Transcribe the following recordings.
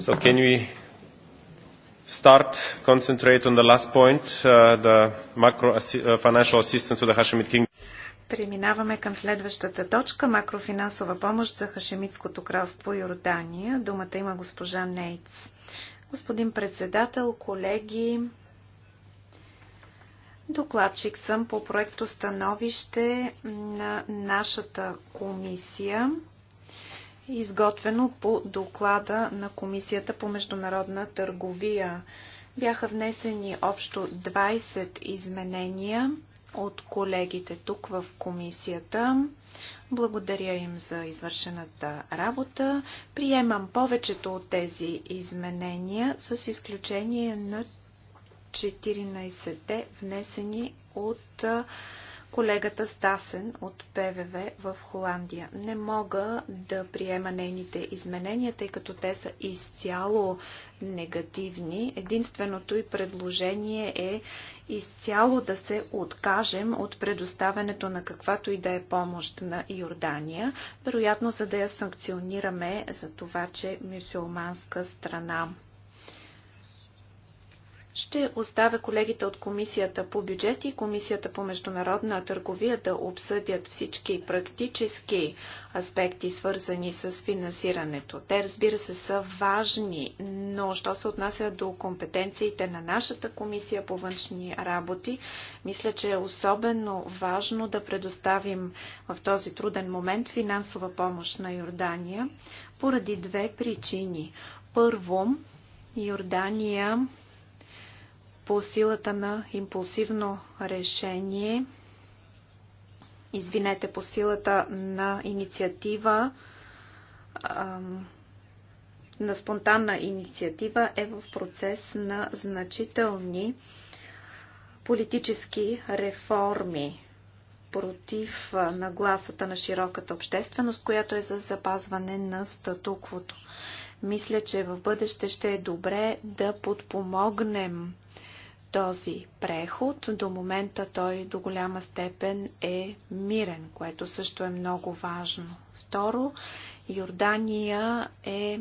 So can we start, concentrate on the last point, uh, the macro assi uh, financial assistance to the Hashemite Kingdom? Преминаваме към следващата точка – макрофинансова помощ за Хашемитското кралство Йордания. Думата има госпожа Нейц. Господин председател, колеги, докладчик съм по проекто становище на нашата комисия – изготвено по доклада на Комисията по международна търговия. Бяха внесени общо 20 изменения от колегите тук в комисията. Благодаря им за извършената работа. Приемам повечето от тези изменения, с изключение на 14-те внесени от колегата Стасен от ПВВ в Холандия. Не мога да приема нейните изменения, тъй като те са изцяло негативни. Единственото и предложение е изцяло да се откажем от предоставянето на каквато и да е помощ на Йордания, вероятно за да я санкционираме за това, че мюсюлманска страна. Ще оставя колегите от Комисията по бюджет и Комисията по международна търговия да обсъдят всички практически аспекти, свързани с финансирането. Те, разбира се, са важни, но що се отнася до компетенциите на нашата Комисия по външни работи, мисля, че е особено важно да предоставим в този труден момент финансова помощ на Йордания поради две причини. Първо, Йордания по силата на импулсивно решение, извинете, по силата на инициатива, на спонтанна инициатива е в процес на значителни политически реформи против нагласата на широката общественост, която е за запазване на статуквото. Мисля, че в бъдеще ще е добре да подпомогнем този преход. До момента той до голяма степен е мирен, което също е много важно. Второ, Йордания е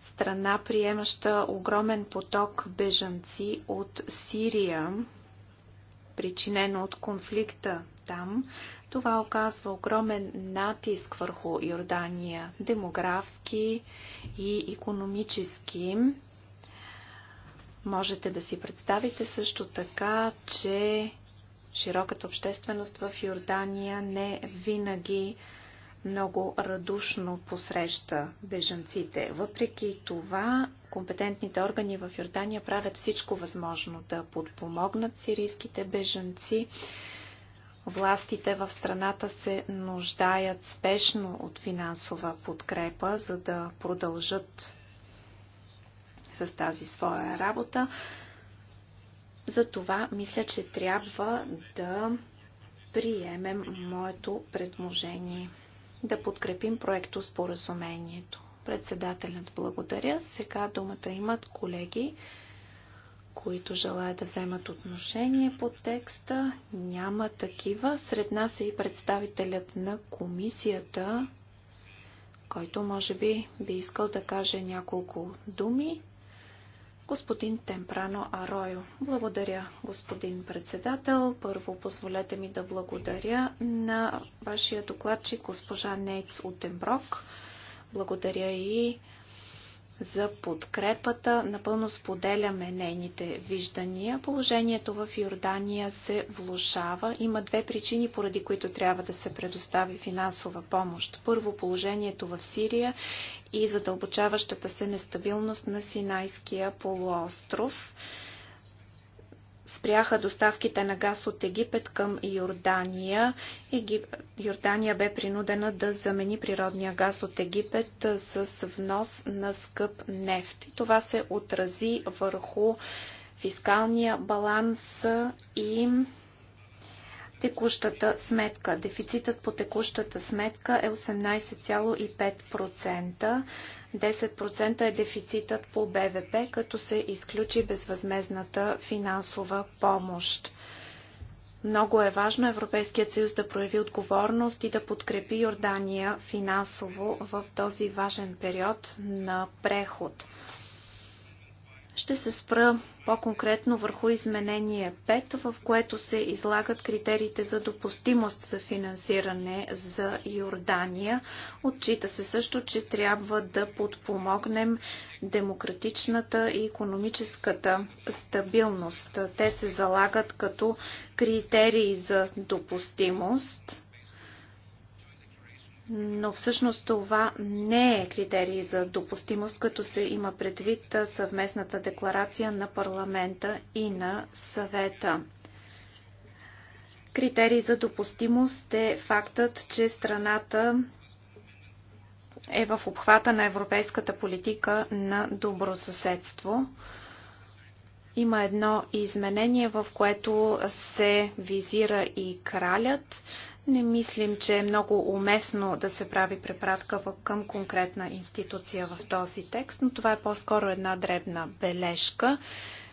страна, приемаща огромен поток бежанци от Сирия, причинено от конфликта там. Това оказва огромен натиск върху Йордания, демографски и економически. Можете да си представите също така, че широката общественост в Йордания не винаги много радушно посреща бежанците. Въпреки това, компетентните органи в Йордания правят всичко възможно да подпомогнат сирийските бежанци. Властите в страната се нуждаят спешно от финансова подкрепа, за да продължат с тази своя работа. Затова мисля, че трябва да приемем моето предложение да подкрепим проекто споразумението. Председателят благодаря. Сега думата имат колеги, които желаят да вземат отношение по текста. Няма такива. Сред нас е и представителят на комисията, който може би би искал да каже няколко думи. Господин Темпрано Аройо. Благодаря, господин председател. Първо позволете ми да благодаря на вашия докладчик, госпожа Нейц Утенброк. Благодаря и за подкрепата. Напълно споделяме нейните виждания. Положението в Йордания се влушава. Има две причини, поради които трябва да се предостави финансова помощ. Първо, положението в Сирия и задълбочаващата се нестабилност на Синайския полуостров спряха доставките на газ от Египет към Йордания. Егип... Йордания бе принудена да замени природния газ от Египет с внос на скъп нефт. И това се отрази върху фискалния баланс и текущата сметка. Дефицитът по текущата сметка е 18,5%. 10% е дефицитът по БВП, като се изключи безвъзмезната финансова помощ. Много е важно Европейският съюз да прояви отговорност и да подкрепи Йордания финансово в този важен период на преход. Ще се спра по-конкретно върху изменение 5, в което се излагат критериите за допустимост за финансиране за Йордания. Отчита се също, че трябва да подпомогнем демократичната и економическата стабилност. Те се залагат като критерии за допустимост но всъщност това не е критерий за допустимост, като се има предвид съвместната декларация на парламента и на съвета. Критерий за допустимост е фактът, че страната е в обхвата на европейската политика на добросъседство. Има едно изменение, в което се визира и кралят. Не мислим, че е много уместно да се прави препратка към конкретна институция в този текст, но това е по-скоро една дребна бележка.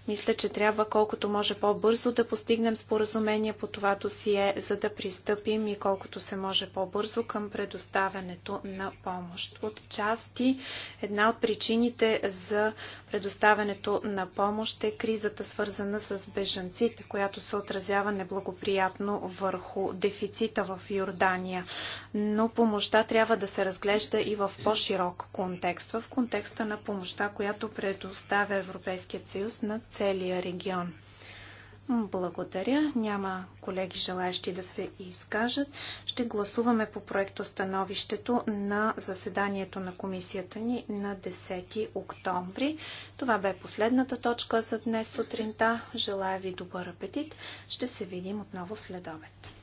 Мисля, че трябва колкото може по-бързо да постигнем споразумение по това досие, за да пристъпим и колкото се може по-бързо към предоставянето на помощ. От части една от причините за предоставянето на помощ е кризата свързана с бежанците, която се отразява неблагоприятно върху дефицита в Йордания. Но помощта трябва да се разглежда и в по-широк контекст, в контекста на помощта, която предоставя Европейският съюз на целия регион. Благодаря. Няма колеги желаящи да се изкажат. Ще гласуваме по проекто становището на заседанието на комисията ни на 10 октомври. Това бе последната точка за днес сутринта. Желая ви добър апетит. Ще се видим отново след обед.